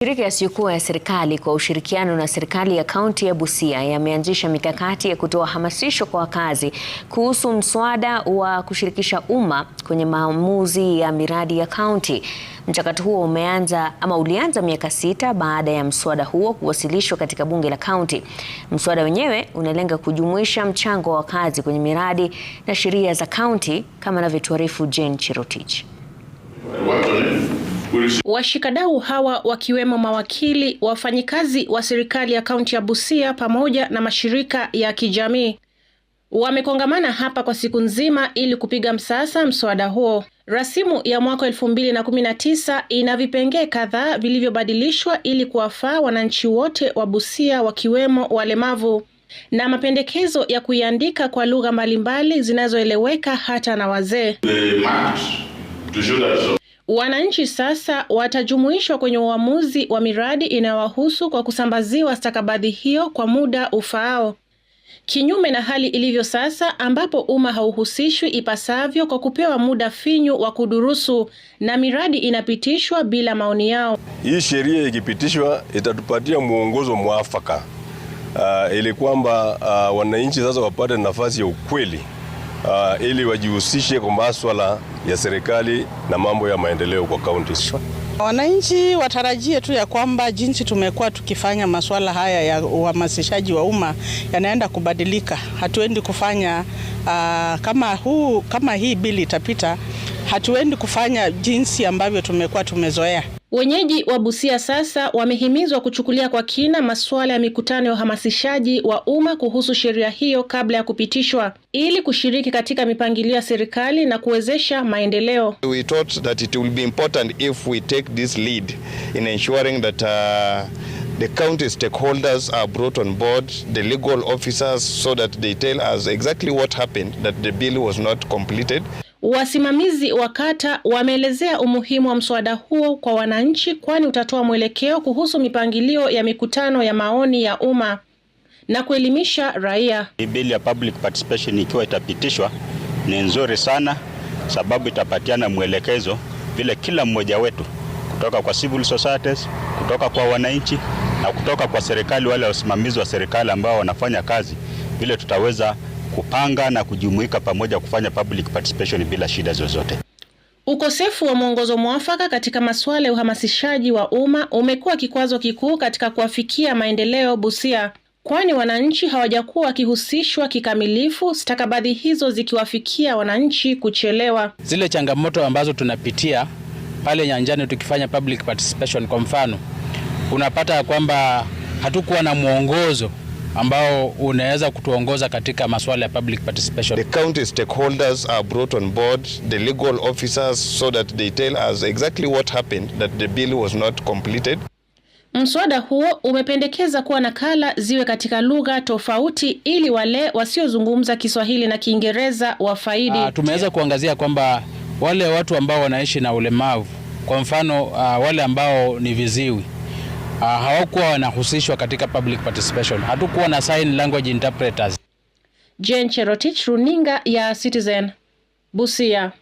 Mashirika yasiyokuwa ya serikali kwa ushirikiano na serikali ya kaunti ya Busia yameanzisha mikakati ya kutoa hamasisho kwa wakazi kuhusu mswada wa kushirikisha umma kwenye maamuzi ya miradi ya kaunti. Mchakato huo umeanza ama ulianza miaka sita baada ya mswada huo kuwasilishwa katika bunge la kaunti. Mswada wenyewe unalenga kujumuisha mchango wa wakazi kwenye miradi na sheria za kaunti kama anavyotuarifu Jane Cherotich. Washikadau hawa wakiwemo mawakili, wafanyikazi wa serikali ya kaunti ya Busia pamoja na mashirika ya kijamii wamekongamana hapa kwa siku nzima ili kupiga msasa mswada huo. Rasimu ya mwaka elfu mbili na kumi na tisa ina vipengee kadhaa vilivyobadilishwa ili kuwafaa wananchi wote wa Busia wakiwemo walemavu na mapendekezo ya kuiandika kwa lugha mbalimbali zinazoeleweka hata na wazee. Wananchi sasa watajumuishwa kwenye uamuzi wa miradi inayowahusu kwa kusambaziwa stakabadhi hiyo kwa muda ufaao, kinyume na hali ilivyo sasa ambapo umma hauhusishwi ipasavyo kwa kupewa muda finyu wa kudurusu na miradi inapitishwa bila maoni yao. Hii sheria ikipitishwa itatupatia mwongozo mwafaka, uh, ili kwamba uh, wananchi sasa wapate nafasi ya ukweli uh, ili wajihusishe kwa masuala ya serikali na mambo ya maendeleo kwa kaunti. Wananchi watarajie tu ya kwamba jinsi tumekuwa tukifanya masuala haya ya uhamasishaji wa umma yanaenda kubadilika. Hatuendi kufanya uh, kama huu, kama hii bili itapita hatuendi kufanya jinsi ambavyo tumekuwa tumezoea. Wenyeji wa Busia sasa wamehimizwa kuchukulia kwa kina masuala ya mikutano ya uhamasishaji wa umma kuhusu sheria hiyo kabla ya kupitishwa ili kushiriki katika mipangilio ya serikali na kuwezesha maendeleo. We thought that it will be important if we take this lead in ensuring that uh, the county stakeholders are brought on board, the legal officers so that they tell us exactly what happened that the bill was not completed. Wasimamizi wa kata wameelezea umuhimu wa mswada huo kwa wananchi, kwani utatoa mwelekeo kuhusu mipangilio ya mikutano ya maoni ya umma na kuelimisha raia. bili ya public participation ikiwa itapitishwa ni nzuri sana, sababu itapatiana mwelekezo vile kila mmoja wetu kutoka kwa civil societies, kutoka kwa wananchi na kutoka kwa serikali, wale wasimamizi wa serikali ambao wanafanya kazi, vile tutaweza kupanga na kujumuika pamoja kufanya public participation bila shida zozote. Ukosefu wa mwongozo mwafaka katika masuala ya uhamasishaji wa umma umekuwa kikwazo kikuu katika kuafikia maendeleo Busia, kwani wananchi hawajakuwa wakihusishwa kikamilifu, stakabadhi hizo zikiwafikia wananchi kuchelewa. Zile changamoto ambazo tunapitia pale nyanjani tukifanya public participation, kwa mfano unapata kwamba hatukuwa na mwongozo ambao unaweza kutuongoza katika masuala ya public participation. The county stakeholders are brought on board, the legal officers so that they tell us exactly what happened that the bill was not completed. Mswada huo umependekeza kuwa nakala ziwe katika lugha tofauti ili wale wasiozungumza Kiswahili na Kiingereza wafaidi. Uh, tumeweza kuangazia kwamba wale watu ambao wanaishi na ulemavu kwa mfano uh, wale ambao ni viziwi uh, hawakuwa wanahusishwa katika public participation. Hatukuwa na sign language interpreters. Jane Cherotich, runinga ya Citizen, Busia.